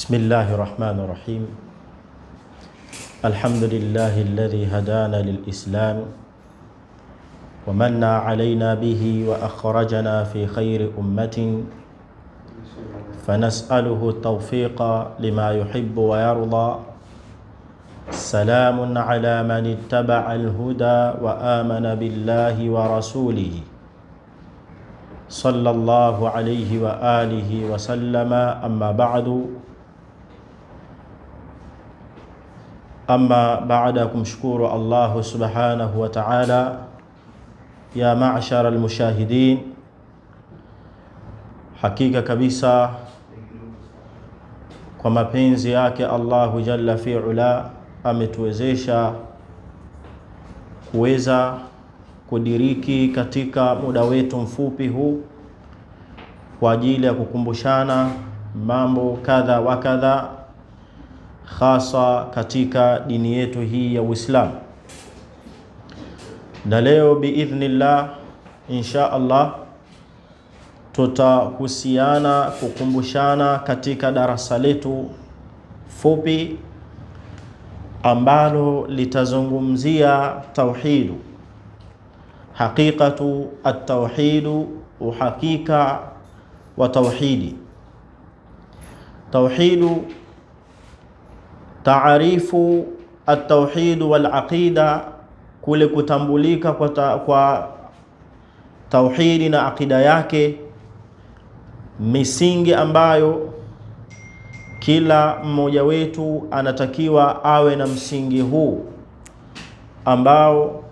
بسم الله الرحمن الرحيم الحمد لله الذي هدانا للإسلام ومنّا علينا به وأخرجنا في خير أمة فنسأله التوفيق لما يحب ويرضى سلام على من اتبع الهدى وآمن بالله ورسوله صلى الله عليه وآله وسلم أما بعد أما بعد kumshukuru Allahu subhanahu wa ta'ala, ya ma'shara almushahidin, hakika kabisa kwa mapenzi yake Allahu jalla fi'ala ametuwezesha kuweza kudiriki katika muda wetu mfupi huu kwa ajili ya kukumbushana mambo kadha wa kadha hasa katika dini yetu hii ya Uislamu. Na leo biidhnillah, insha Allah tutahusiana kukumbushana katika darasa letu fupi ambalo litazungumzia tauhidu, haqiqatu at-tauhidu, uhakika wa tauhidi. Tauhidu taarifu at-tauhid wal aqida, kule kutambulika kwa, ta, kwa tauhidi na aqida yake, misingi ambayo kila mmoja wetu anatakiwa awe na msingi huu ambao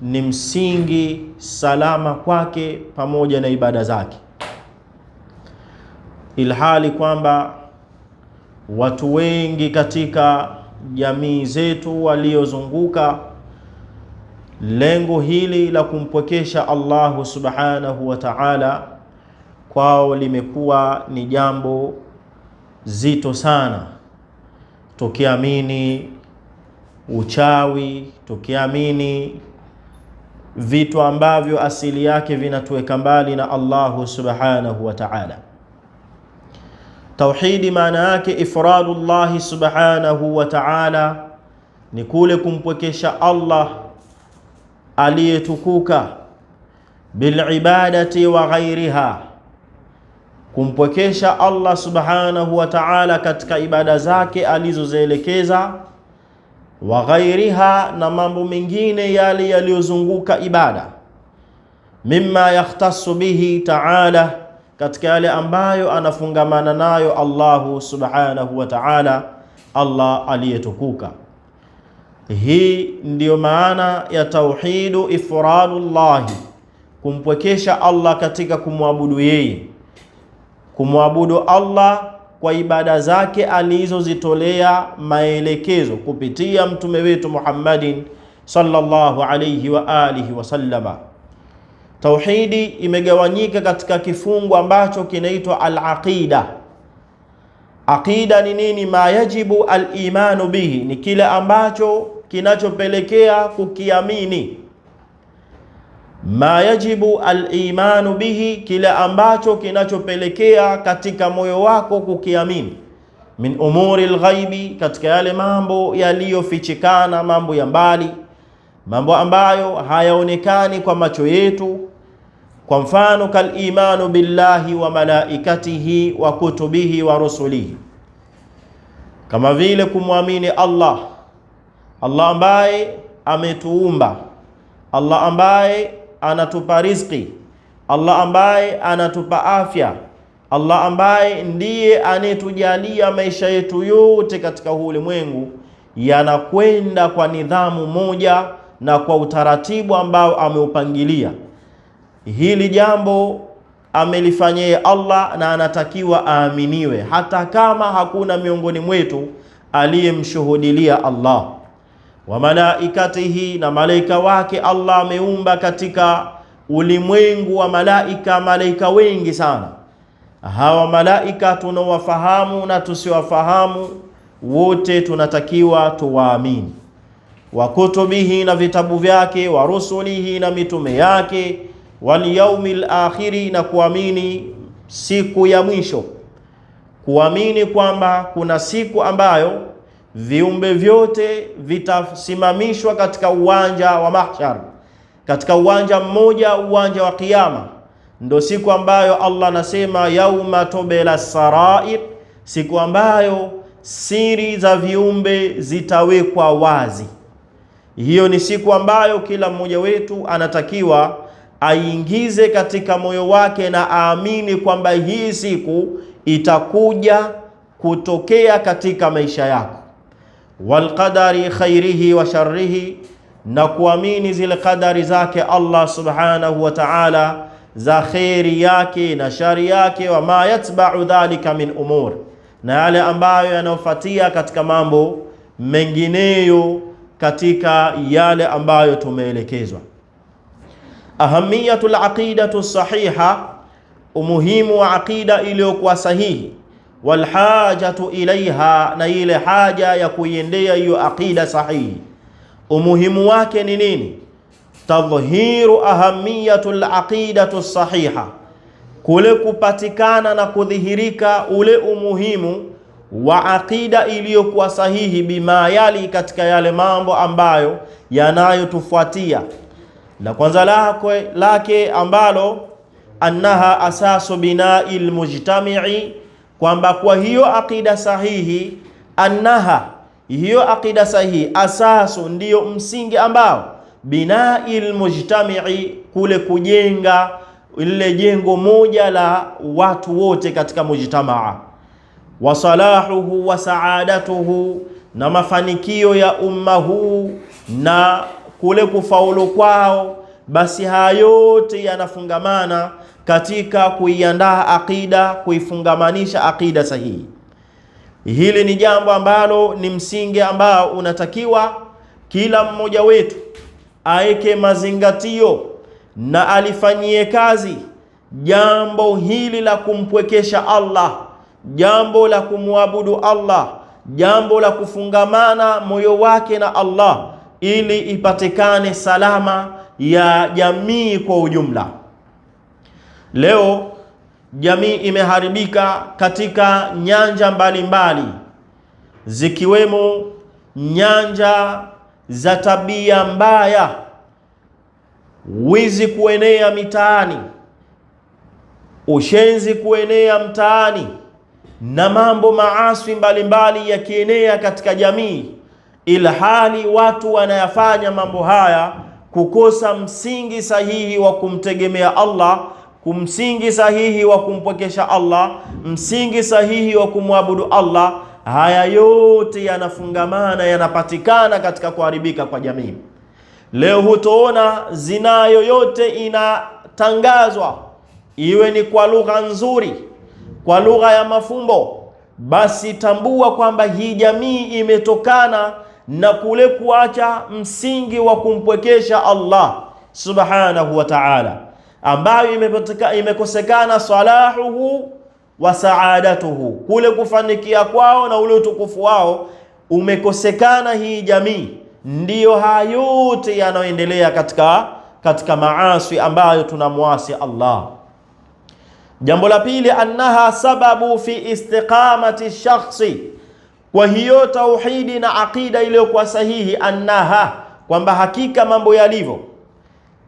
ni msingi salama kwake pamoja na ibada zake, ilhali kwamba watu wengi katika jamii zetu waliozunguka lengo hili la kumpwekesha Allahu subhanahu wa ta'ala, kwao limekuwa ni jambo zito sana, tukiamini uchawi, tukiamini vitu ambavyo asili yake vinatuweka mbali na Allahu subhanahu wa ta'ala. Tauhidi maana yake ifradu llahi subhanahu wa ta'ala, ni kule kumpwekesha Allah aliyetukuka bilibadati wa ghairiha, kumpwekesha Allah subhanahu wa ta'ala katika ibada zake alizozielekeza, wa ghairiha, na mambo mengine yale yaliyozunguka ibada, mimma yakhtasu bihi ta'ala katika yale ambayo anafungamana nayo Allahu subhanahu wa ta'ala, Allah aliyetukuka. Hii ndiyo maana ya tauhidu, ifradullahi, kumpwekesha Allah katika kumwabudu yeye, kumwabudu Allah kwa ibada zake alizozitolea maelekezo kupitia mtume wetu Muhammadin sallallahu alayhi wa alihi wasallama. Tauhidi imegawanyika katika kifungu ambacho kinaitwa al-aqida. Aqida ni nini? Ma yajibu al-imanu bihi, ni kile ambacho kinachopelekea kukiamini. Ma yajibu al-imanu bihi, kile ambacho kinachopelekea katika moyo wako kukiamini. Min umuri al-ghaibi, katika yale mambo yaliyofichikana, mambo ya mbali mambo ambayo hayaonekani kwa macho yetu, kwa mfano kalimanu billahi wa malaikatihi wa kutubihi wa rusulihi, kama vile kumwamini Allah, Allah ambaye ametuumba, Allah ambaye anatupa riziki, Allah ambaye anatupa afya, Allah ambaye ndiye anayetujalia maisha yetu yote katika huu ulimwengu yanakwenda kwa nidhamu moja na kwa utaratibu ambao ameupangilia. Hili jambo amelifanyia Allah na anatakiwa aaminiwe, hata kama hakuna miongoni mwetu aliyemshuhudilia Allah wa malaikatihi, na malaika wake. Allah ameumba katika ulimwengu wa malaika malaika wengi sana. Hawa malaika tunawafahamu na tusiwafahamu, wote tunatakiwa tuwaamini wa kutubihi na vitabu vyake, wa rusulihi na mitume yake, wal yaumil akhiri na kuamini siku ya mwisho, kuamini kwamba kuna siku ambayo viumbe vyote vitasimamishwa katika uwanja wa mahshar, katika uwanja mmoja, uwanja wa Kiyama. Ndo siku ambayo Allah anasema yauma tobela sarair, siku ambayo siri za viumbe zitawekwa wazi. Hiyo ni siku ambayo kila mmoja wetu anatakiwa aingize katika moyo wake na aamini kwamba hii siku itakuja kutokea katika maisha yako, walqadari khairihi wa sharrihi, na kuamini zile kadari zake Allah subhanahu wa ta'ala za kheri yake na shari yake, wa ma yatba'u dhalika min umur, na yale ambayo yanayofuatia katika mambo mengineyo katika yale ambayo tumeelekezwa. Ahamiyatul aqidatu sahiha, umuhimu wa aqida iliyokuwa sahihi, walhajatu ilaiha, na ile haja ya kuiendea hiyo aqida sahihi, umuhimu wake ni nini? Tadhhiru ahamiyatul aqidatu sahiha, kule kupatikana na kudhihirika ule umuhimu wa aqida iliyokuwa sahihi, bima yali, katika yale mambo ambayo yanayotufuatia. La kwanza lake, lake ambalo annaha asasu binai lmujtamii, kwamba kwa hiyo aqida sahihi, annaha hiyo aqida sahihi, asasu ndiyo msingi ambao binai lmujtamii, kule kujenga lile jengo moja la watu wote katika mujtamaa wa salahuhu wa saadatuhu, na mafanikio ya umma huu na kule kufaulu kwao, basi haya yote yanafungamana katika kuiandaa aqida, kuifungamanisha aqida sahihi. Hili ni jambo ambalo ni msingi ambao unatakiwa kila mmoja wetu aeke mazingatio na alifanyie kazi jambo hili la kumpwekesha Allah jambo la kumwabudu Allah, jambo la kufungamana moyo wake na Allah ili ipatikane salama ya jamii kwa ujumla. Leo jamii imeharibika katika nyanja mbalimbali mbali, zikiwemo nyanja za tabia mbaya, wizi kuenea mitaani, ushenzi kuenea mtaani na mambo maasi mbalimbali yakienea katika jamii, ilhali watu wanayafanya mambo haya kukosa msingi sahihi wa kumtegemea Allah, kumsingi sahihi wa kumpwekesha Allah, msingi sahihi wa kumwabudu Allah. Haya yote yanafungamana, yanapatikana katika kuharibika kwa jamii. Leo hutoona zinaa yoyote inatangazwa, iwe ni kwa lugha nzuri kwa lugha ya mafumbo, basi tambua kwamba hii jamii imetokana na kule kuacha msingi wa kumpwekesha Allah subhanahu wa ta'ala, ambayo imekosekana salahuhu wa saadatuhu, kule kufanikia kwao na ule utukufu wao umekosekana hii jamii. Ndiyo haya yote yanayoendelea katika, katika maasi ambayo tunamwasi Allah. Jambo la pili, annaha sababu fi istiqamati shakhsi. Kwa hiyo tauhidi na aqida iliyokuwa sahihi, annaha kwamba hakika mambo yalivyo,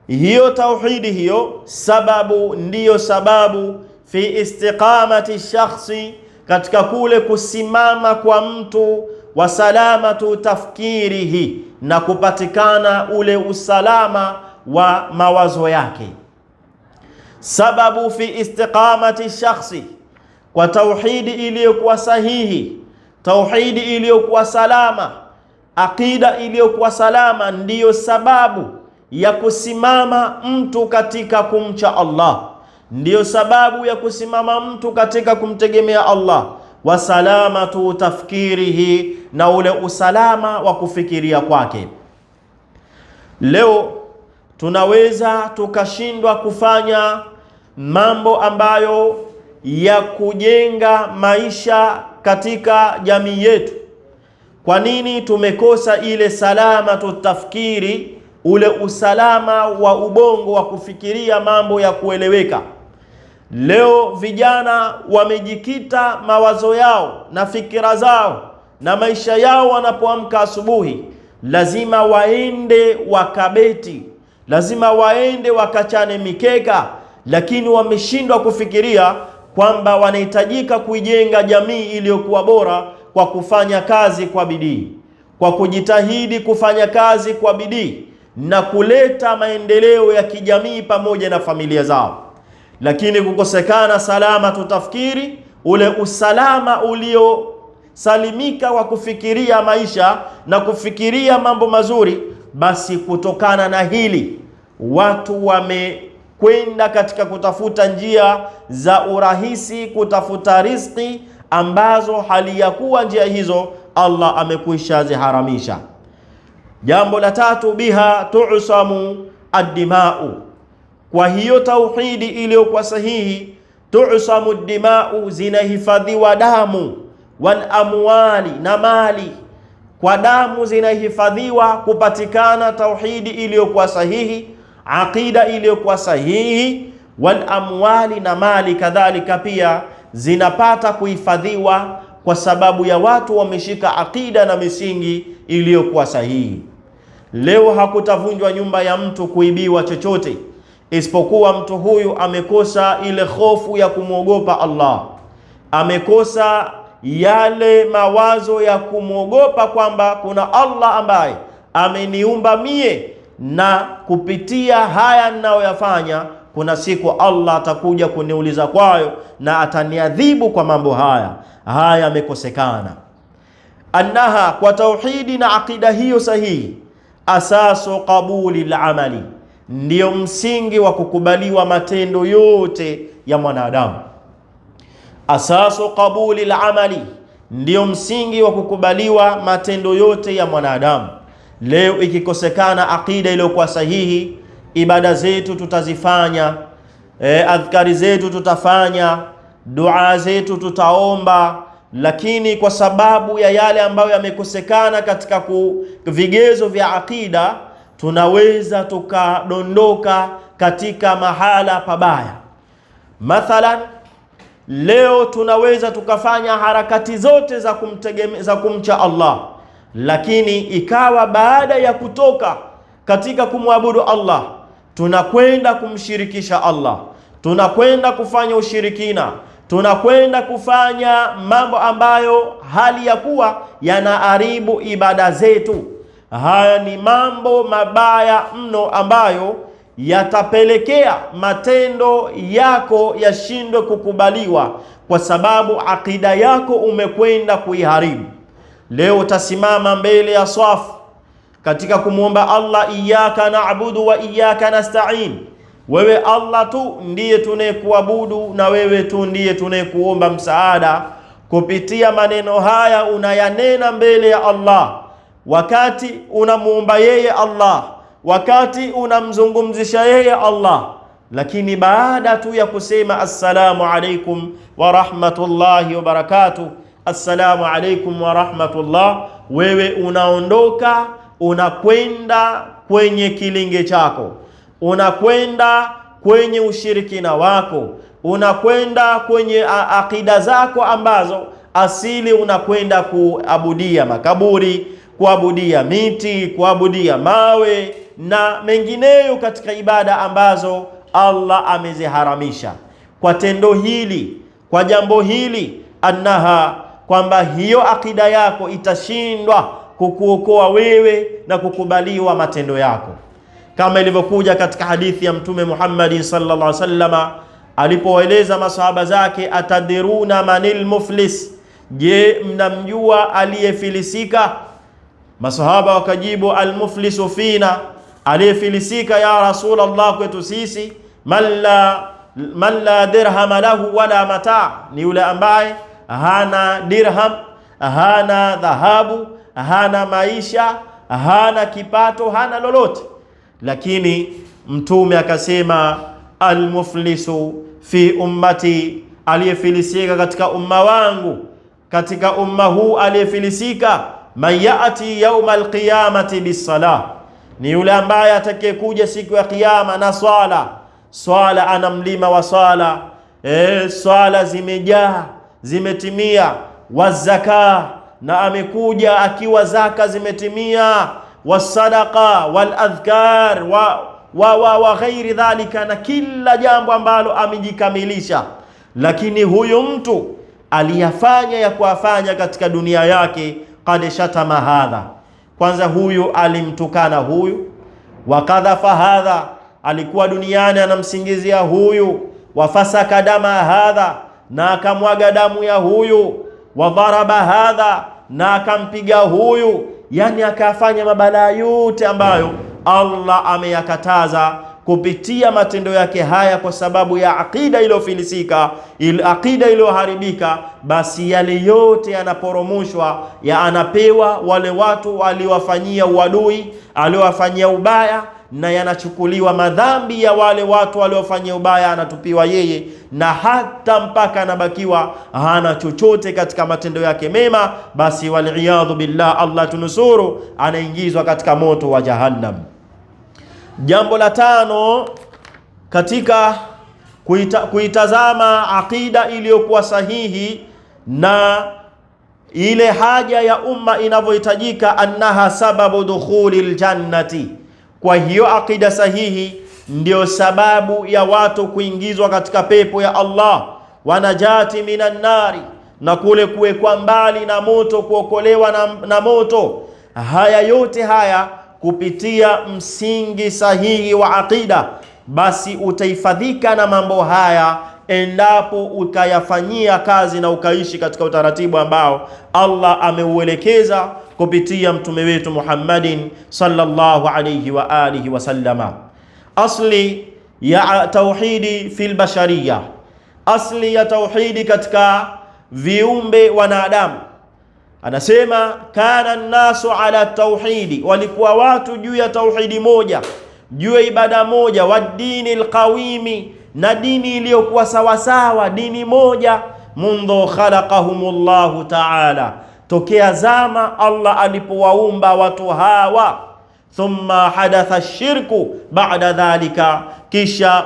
hiyo tauhidi hiyo sababu, ndiyo sababu fi istiqamati shakhsi, katika kule kusimama kwa mtu wa salamatu tafkirihi, na kupatikana ule usalama wa mawazo yake sababu fi istiqamati shakhsi, kwa tauhidi iliyokuwa sahihi, tauhidi iliyokuwa salama, aqida iliyokuwa salama, ndiyo sababu ya kusimama mtu katika kumcha Allah, ndiyo sababu ya kusimama mtu katika kumtegemea Allah. Wa salamatu tafkirihi, na ule usalama wa kufikiria kwake. Leo tunaweza tukashindwa kufanya mambo ambayo ya kujenga maisha katika jamii yetu. Kwa nini tumekosa ile salama tutafikiri, ule usalama wa ubongo wa kufikiria mambo ya kueleweka? Leo vijana wamejikita mawazo yao na fikira zao na maisha yao, wanapoamka asubuhi lazima waende wakabeti lazima waende wakachane mikeka, lakini wameshindwa kufikiria kwamba wanahitajika kuijenga jamii iliyokuwa bora kwa kufanya kazi kwa bidii, kwa kujitahidi kufanya kazi kwa bidii na kuleta maendeleo ya kijamii pamoja na familia zao. Lakini kukosekana salama, tutafikiri ule usalama uliosalimika wa kufikiria maisha na kufikiria mambo mazuri, basi kutokana na hili watu wamekwenda katika kutafuta njia za urahisi, kutafuta riziki ambazo hali ya kuwa njia hizo Allah amekwisha ziharamisha. Jambo la tatu, biha tu'samu addimau, kwa hiyo tauhidi iliyokuwa sahihi, tu'samu addimau, zinahifadhiwa damu, wal amwali, na mali kwa damu zinahifadhiwa kupatikana tauhidi iliyokuwa sahihi aqida iliyokuwa sahihi, wal amwali na mali kadhalika pia zinapata kuhifadhiwa kwa sababu ya watu wameshika aqida na misingi iliyokuwa sahihi. Leo hakutavunjwa nyumba ya mtu kuibiwa chochote, isipokuwa mtu huyu amekosa ile hofu ya kumwogopa Allah, amekosa yale mawazo ya kumwogopa kwamba kuna Allah ambaye ameniumba mie na kupitia haya ninayoyafanya, kuna siku Allah atakuja kuniuliza kwayo na ataniadhibu kwa mambo haya. Haya yamekosekana. Annaha, kwa tauhidi na aqida hiyo sahihi, asasu qabuli lamali, ndiyo msingi wa kukubaliwa matendo yote ya mwanadamu. Asasu qabuli lamali, ndiyo msingi wa kukubaliwa matendo yote ya mwanadamu Leo ikikosekana aqida iliyokuwa sahihi, ibada zetu tutazifanya, e, adhkari zetu tutafanya, dua zetu tutaomba, lakini kwa sababu ya yale ambayo yamekosekana katika ku, vigezo vya aqida tunaweza tukadondoka katika mahala pabaya. Mathalan, leo tunaweza tukafanya harakati zote za kumtegemea, za kumcha Allah lakini ikawa baada ya kutoka katika kumwabudu Allah tunakwenda kumshirikisha Allah, tunakwenda kufanya ushirikina, tunakwenda kufanya mambo ambayo hali ya kuwa yanaharibu ibada zetu. Haya ni mambo mabaya mno ambayo yatapelekea matendo yako yashindwe kukubaliwa, kwa sababu akida yako umekwenda kuiharibu. Leo utasimama mbele ya swafu katika kumwomba Allah, iyyaka na'budu wa iyyaka nasta'in, wewe Allah tu ndiye tunayekuabudu na wewe tu ndiye tunayekuomba msaada. Kupitia maneno haya unayanena mbele ya Allah wakati unamuomba yeye Allah, wakati unamzungumzisha yeye Allah lakini baada tu ya kusema assalamu alaikum wa rahmatullahi wa barakatuh assalamu alaikum warahmatullah, wewe unaondoka unakwenda kwenye kilinge chako, unakwenda kwenye ushirikina wako, unakwenda kwenye akida zako ambazo asili unakwenda kuabudia makaburi, kuabudia miti, kuabudia mawe na mengineyo katika ibada ambazo Allah ameziharamisha. Kwa tendo hili, kwa jambo hili, annaha kwamba hiyo akida yako itashindwa kukuokoa wewe na kukubaliwa matendo yako, kama ilivyokuja katika hadithi ya Mtume Muhammad sallallahu alaihi wasallam alipowaeleza masahaba zake, atadiruna manil muflis, je, mnamjua aliyefilisika? Masahaba wakajibu almuflisu fina, aliyefilisika ya Rasulullah, kwetu sisi. Man la dirhama lahu wala mataa, ni yule ambaye hana dirham, hana dhahabu, hana maisha, hana kipato, hana lolote, lakini Mtume akasema almuflisu fi ummati, aliyefilisika katika umma wangu, katika umma huu aliyefilisika, man yati yauma alqiyamati bisalah, ni yule ambaye atakayekuja siku ya Kiyama na swala. Swala ana mlima wa swala. E, swala zimejaa zimetimia, wazaka na amekuja akiwa zaka zimetimia, wasadaqa waladhkar wa, wa, wa, wa ghairi dhalika, na kila jambo ambalo amejikamilisha, lakini huyu mtu aliyafanya ya kuafanya katika dunia yake, qad shatama hadha, kwanza huyu alimtukana huyu, wakadhafa hadha, alikuwa duniani anamsingizia huyu, wafasaka dama hadha na akamwaga damu ya huyu, wa dharaba hadha, na akampiga huyu, yani akafanya mabalaa yote ambayo Allah ameyakataza kupitia matendo yake haya, kwa sababu ya aqida iliyofilisika, il aqida iliyoharibika. Basi yale yote yanaporomoshwa, ya anapewa wale watu aliowafanyia uadui, aliowafanyia ubaya na yanachukuliwa madhambi ya wale watu waliofanya ubaya, anatupiwa yeye, na hata mpaka anabakiwa hana chochote katika matendo yake mema, basi waliyadhu billah, Allah tunusuru, anaingizwa katika moto wa Jahannam. Jambo la tano katika kuita, kuitazama aqida iliyokuwa sahihi na ile haja ya umma inavyohitajika, annaha sababu dukhuli ljannati kwa hiyo akida sahihi ndio sababu ya watu kuingizwa katika pepo ya Allah, wanajati minan nari, na kule kuwekwa mbali na moto, kuokolewa na, na moto. Haya yote haya kupitia msingi sahihi wa akida, basi utaifadhika na mambo haya endapo ukayafanyia kazi na ukaishi katika utaratibu ambao Allah ameuelekeza kupitia mtume wetu Muhammadin sallallahu alayhi wa alihi sallama. Asli ya tauhidi fil bashariya, asli ya tauhidi katika viumbe wanadamu. Anasema kana nnasu ala tauhidi, walikuwa watu juu ya tauhidi moja, juu ya ibada moja, wa dini alqawimi, na dini iliyokuwa sawasawa, dini moja, mundhu khalaqahumullahu taala tokea zama Allah alipowaumba watu hawa thumma hadatha shirku ba'da dhalika, kisha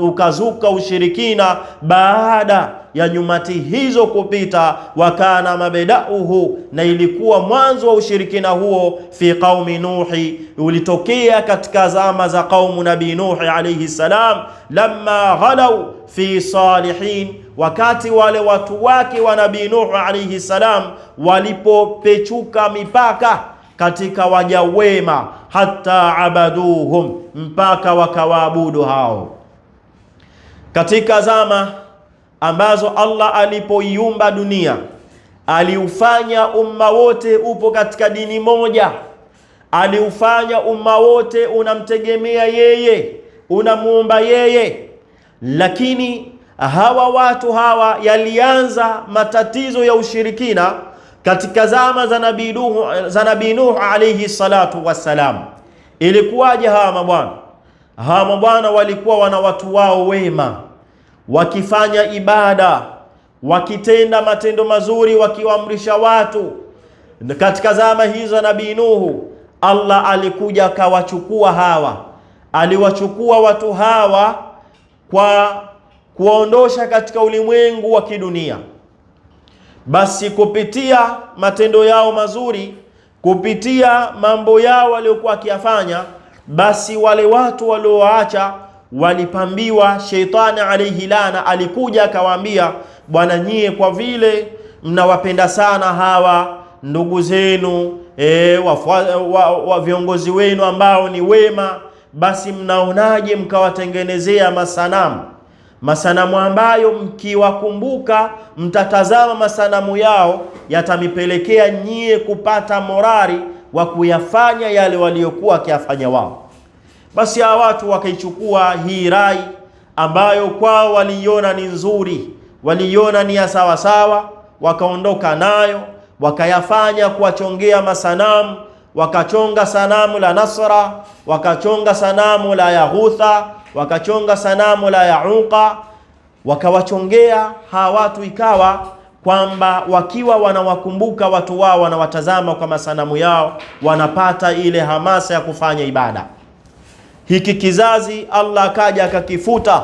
ukazuka ushirikina baada ya nyumati hizo kupita. Wakana mabedauhu, na ilikuwa mwanzo wa ushirikina huo fi qaumi Nuhi, ulitokea katika zama za qaumu nabii Nuhi alayhi salam, lamma ghalau fi salihin, wakati wale watu wake wa nabii Nuhi alayhi salam walipopechuka mipaka katika waja wema, hata abaduhum, mpaka wakawaabudu hao. Katika zama ambazo Allah alipoiumba dunia aliufanya umma wote upo katika dini moja, aliufanya umma wote unamtegemea yeye, unamuomba yeye, lakini hawa watu hawa, yalianza matatizo ya ushirikina katika zama za Nabii Nuhu, za Nabii Nuhu alayhi salatu wassalam, ilikuwaje? Hawa mabwana hawa mabwana walikuwa wana watu wao wema, wakifanya ibada, wakitenda matendo mazuri, wakiwaamrisha watu. Katika zama hizo za Nabii Nuhu, Allah alikuja akawachukua hawa, aliwachukua watu hawa kwa kuwaondosha katika ulimwengu wa kidunia basi kupitia matendo yao mazuri, kupitia mambo yao waliokuwa wakiyafanya, basi wale watu waliowaacha walipambiwa. Sheitani alaihi lana alikuja akawaambia, bwana nyie, kwa vile mnawapenda sana hawa ndugu zenu e, wa, wa, wa viongozi wenu ambao ni wema, basi mnaonaje mkawatengenezea masanamu masanamu ambayo mkiwakumbuka mtatazama masanamu yao yatamipelekea nyie kupata morari wa kuyafanya yale waliokuwa wakiyafanya wao. Basi hawa watu wakaichukua hii rai ambayo kwao waliiona ni nzuri, waliiona ni ya sawasawa, wakaondoka nayo wakayafanya kuwachongea masanamu, wakachonga sanamu la Nasra, wakachonga sanamu la Yahutha, wakachonga sanamu la Yauqa, wakawachongea hawa watu, ikawa kwamba wakiwa wanawakumbuka watu wao wanawatazama kwa masanamu yao, wanapata ile hamasa ya kufanya ibada. Hiki kizazi Allah akaja akakifuta,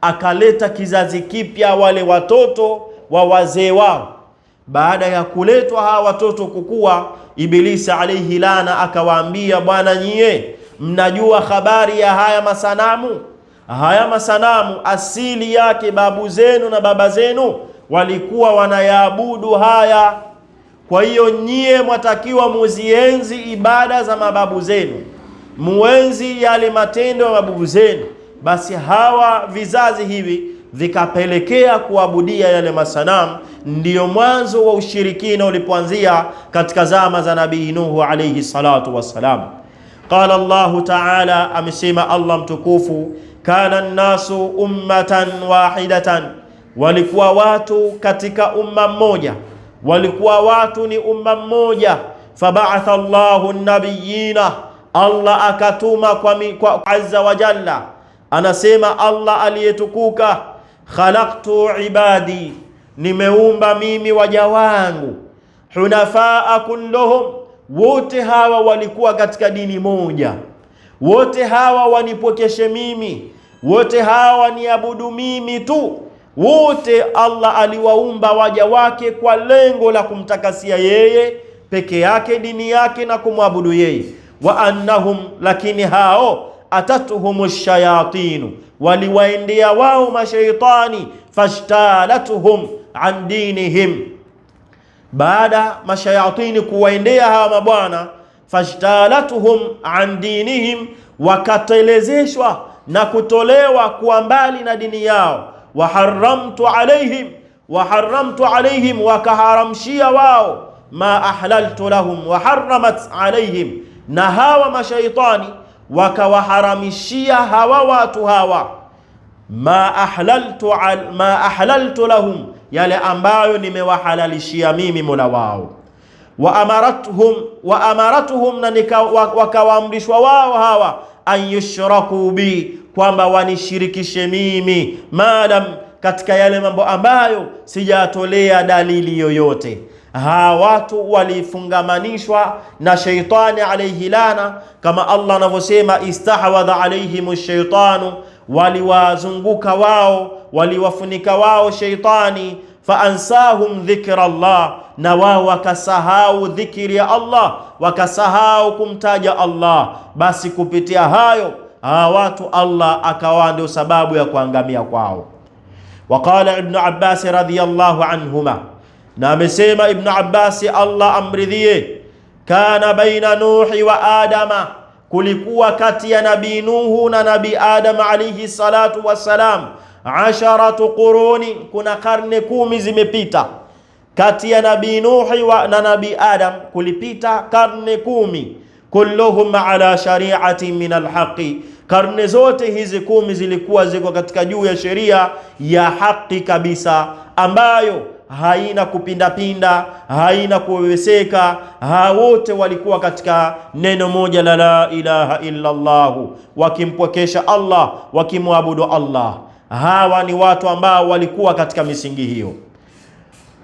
akaleta kizazi kipya, wale watoto wa wazee wao. Baada ya kuletwa hawa watoto kukua, Ibilisi alaihi lana akawaambia, bwana nyie mnajua habari ya haya masanamu haya masanamu asili yake babu zenu na baba zenu walikuwa wanayaabudu haya. Kwa hiyo nyie mwatakiwa muzienzi ibada za mababu zenu, muenzi yale matendo ya mababu zenu. Basi hawa vizazi hivi vikapelekea kuabudia yale masanamu. Ndiyo mwanzo wa ushirikina ulipoanzia katika zama za Nabii Nuhu alayhi salatu wassalam. Qala Allahu taala, amesema Allah mtukufu kana nnasu ummatan wahidatan, walikuwa watu katika umma mmoja, walikuwa watu ni umma mmoja. Fabaatha Allahu nabiyina, Allah akatuma kwa, kwa azza wa jalla. Anasema Allah aliyetukuka, khalaqtu ibadi, nimeumba mimi waja wangu, hunafaa kulluhum, wote hawa walikuwa katika dini moja, wote hawa wanipokeshe mimi wote hawa ni abudu mimi tu. Wote Allah aliwaumba waja wake kwa lengo la kumtakasia yeye peke yake dini yake na kumwabudu yeye. wa annahum, lakini hao atatuhum shayatinu, waliwaendea wao mashaitani. Fashtalatuhum an dinihim, baada mashayatini kuwaendea hawa mabwana. Fashtalatuhum an dinihim, wakatelezeshwa na kutolewa kuwa mbali na dini yao. Waharamtu alaihim waharamtu alaihim, wakaharamshia wao ma ahlaltu lahum waharamat alaihim, na hawa mashaitani wakawaharamishia hawa watu hawa ma ahlaltu, al, ma ahlaltu lahum, yale ambayo nimewahalalishia mimi mola wao wa amaratuhum, wa amaratuhum, na wakawaamrishwa wao hawa an yushraku bi, kwamba wanishirikishe mimi, madam katika yale mambo ambayo sijatolea dalili yoyote. Hawa watu walifungamanishwa na sheitani alayhi lana, kama Allah anavyosema istahwadha alayhim shaitanu, waliwazunguka wao, waliwafunika wao sheitani faansahum dhikra Allah, na wao wakasahau dhikri ya Allah, wakasahau kumtaja Allah. Basi kupitia hayo hawa watu Allah akawa ndio sababu ya kuangamia kwao. Waqala Ibnu Abbasi radhiyallahu anhuma, na amesema Ibnu Abbasi Allah amridhie, kana baina Nuhi wa Adama, kulikuwa kati ya Nabii Nuhu na Nabii Adam alayhi salatu wassalam asharatu quruni, kuna karne kumi zimepita kati ya nabi Nuhi wa, na nabi Adam, kulipita karne kumi. Kulluhum ala shari'ati min alhaqi, karne zote hizi kumi zilikuwa ziko katika juu ya sheria ya haki kabisa, ambayo haina kupindapinda, haina kuweweseka. Wote walikuwa katika neno moja la la ilaha illa Allah, wakimpwekesha Allah, wakimwabudu Allah Hawa ni watu ambao walikuwa katika misingi hiyo.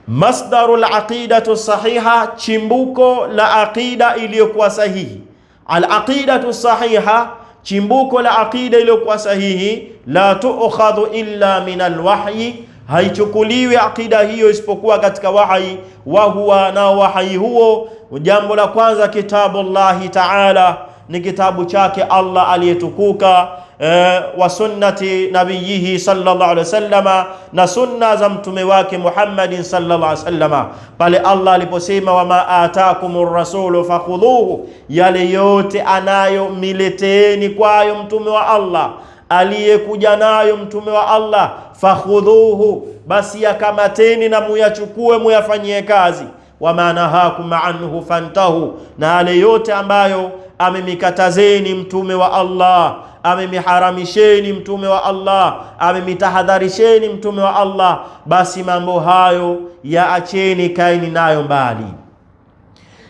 Masdaru alaqidatu sahiha, chimbuko la aqida iliyokuwa sahihi. Alaqidatu sahiha, chimbuko la aqida iliyokuwa sahihi. La tukhadhu illa min alwahyi, haichukuliwi aqida hiyo isipokuwa katika wahyi. Wahuwa, na wahyi huo, jambo la kwanza, kitabullahi taala ni kitabu chake Allah aliyetukuka e, wa sunnati nabiyihi sallallahu alaihi wasallama, na sunna za mtume wake Muhammadin sallallahu alaihi wasallama, pale Allah aliposema wama atakumur rasulu fakhudhuhu, yale yote anayomileteeni kwayo mtume wa Allah aliyekuja nayo mtume wa Allah, fakhudhuhu, basi yakamateni na muyachukue muyafanyie kazi, wama nahakum anhu fantahu, na yale yote ambayo amemikatazeni mtume wa Allah, amemiharamisheni mtume wa Allah, amemitahadharisheni mtume wa Allah, basi mambo hayo yaacheni, kaeni nayo mbali.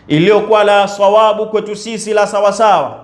Iliyokuwa la sawabu kwetu sisi la sawasawa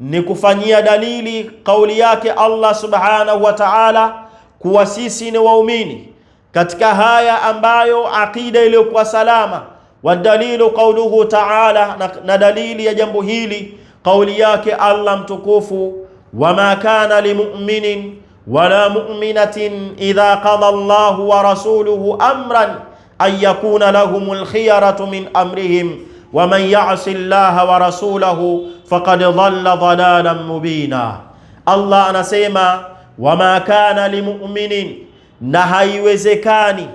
ni kufanyia dalili kauli yake Allah subhanahu wa ta'ala, kuwa sisi ni waumini katika haya ambayo akida iliyokuwa salama. Wadalilu qauluhu ta'ala, na, na dalili ya jambo hili Kauli yake Allah mtukufu, wama kana limuminin wala muminatin idha qada Allahu wa rasuluhu amran an yakuna lahumul khiyaratu min amrihim waman yasi llaha wa rasulahu faqad dhalla dhalalan mubina. Allah anasema wama kana limuminin, na haiwezekani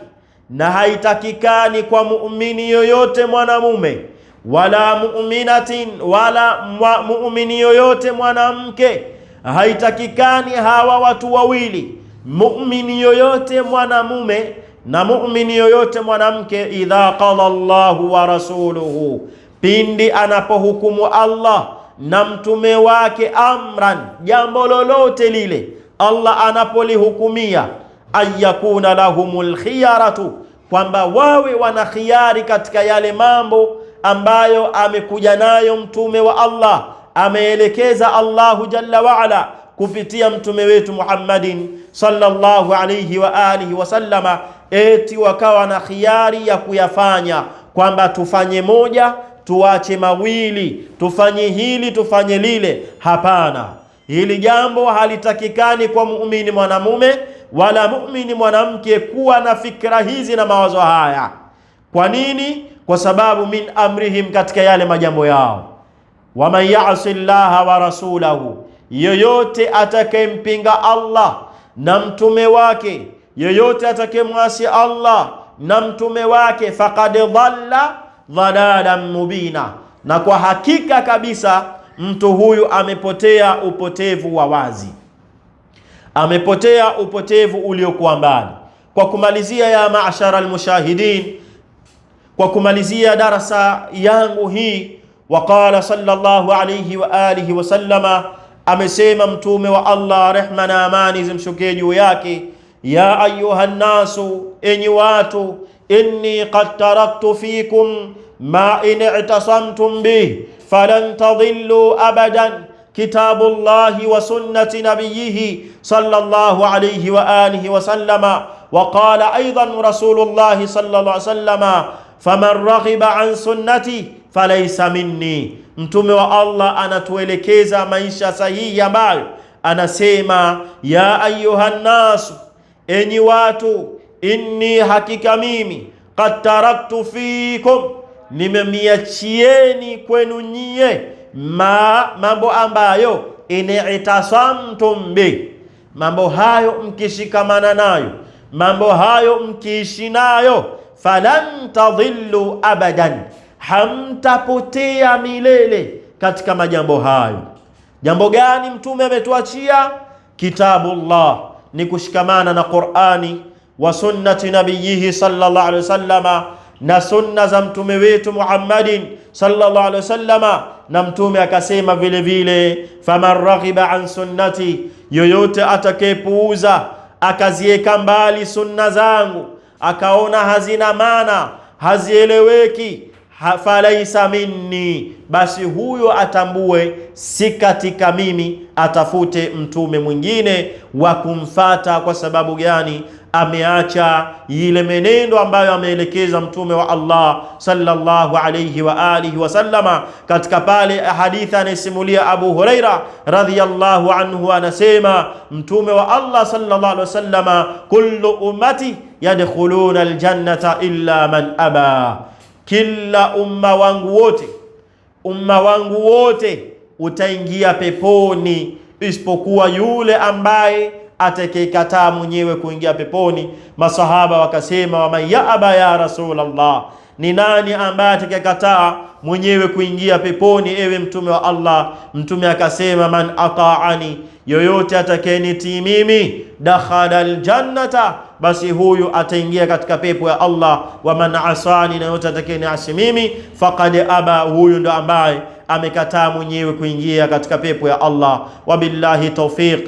na haitakikani kwa muumini yoyote mwanamume wala mu'minatin, wala mu'mini yoyote mwanamke. Haitakikani hawa watu wawili, mumini yoyote mwanamume na mumini yoyote mwanamke, idha qala Allahu wa rasuluhu, pindi anapohukumu Allah na mtume wake, amran, jambo lolote lile Allah anapolihukumia, anyakuna lahumul khiyaratu, kwamba wawe wana khiari katika yale mambo ambayo amekuja nayo mtume wa Allah, ameelekeza Allahu jalla waala kupitia mtume wetu Muhammadin sallallahu alayhi wa alihi wasallama, eti wakawa na khiari ya kuyafanya kwamba tufanye moja tuache mawili, tufanye hili tufanye lile. Hapana, hili jambo halitakikani kwa muumini mwanamume wala muumini mwanamke kuwa na fikra hizi na mawazo haya. Kwa nini? Kwa sababu min amrihim, katika yale majambo yao. Waman yasi llaha wa rasulahu, yoyote atakayempinga Allah na mtume wake, yoyote atakayemwasi Allah na mtume wake, faqad dhalla dhalalan mubina, na kwa hakika kabisa mtu huyu amepotea upotevu wa wazi, amepotea upotevu uliokuwa mbali. Kwa kumalizia, ya maashara almushahidin kwa kumalizia darasa yangu hii waqala sallallahu alayhi wa alihi wa sallama amesema mtume wa allah rehma na amani zimshukie juu yake ya ayuha nnasu enyi watu inni qad taraktu fikum ma in i'tasamtum bih falan tadillu abadan كتاب الله وسنة نبيه صلى الله عليه وآله وسلم وقال أيضا رسول الله صلى الله عليه وسلم faman raghiba an sunnati falaisa minni. Mtume wa Allah anatuelekeza maisha sahihi ambayo anasema, ya ayuhannasu, enyi watu, inni hakika mimi qad taraktu fikum, nimemiachieni kwenu nyie ma mambo ambayo initasamtum bi, mambo hayo mkishikamana nayo, mambo hayo mkiishi nayo falan tadhillu abadan, hamtapotea milele katika majambo hayo. Jambo gani? Mtume ametuachia kitabullah, ni kushikamana na Qur'ani wa sunnati nabiyihi sallallahu alaihi wasallama, na sunna za mtume wetu Muhammadin sallallahu alaihi wasallama. Na mtume akasema vile vile, faman raghiba an sunnati, yoyote atakayepuuza akaziweka mbali sunna zangu akaona hazina maana, hazieleweki, falaisa minni, basi huyo atambue si katika mimi, atafute mtume mwingine wa kumfata. Kwa sababu gani? ameacha ile menendo ambayo ameelekeza mtume wa Allah sallallahu alayhi wa alihi wasallama katika pale hadithi anayesimulia Abu Huraira radhiyallahu anhu, anasema mtume wa Allah sallallahu alayhi wasallama, kullu ummati yadkhuluna aljannata illa man aba, kila umma wangu wote umma wangu wote utaingia peponi isipokuwa yule ambaye atakayekataa mwenyewe kuingia peponi. Masahaba wakasema, waman yaaba ya Rasulullah, ni nani ambaye atakayekataa mwenyewe kuingia peponi, ewe mtume wa Allah? Mtume akasema, man ataani, yoyote atakayenitii mimi, dakhala aljannata, basi huyu ataingia katika pepo ya Allah. Wa man asani, na yoyote atakayeniasi mimi, faqad aba, huyu ndo ambaye amekataa mwenyewe kuingia katika pepo ya Allah. Wabillahi tawfiq.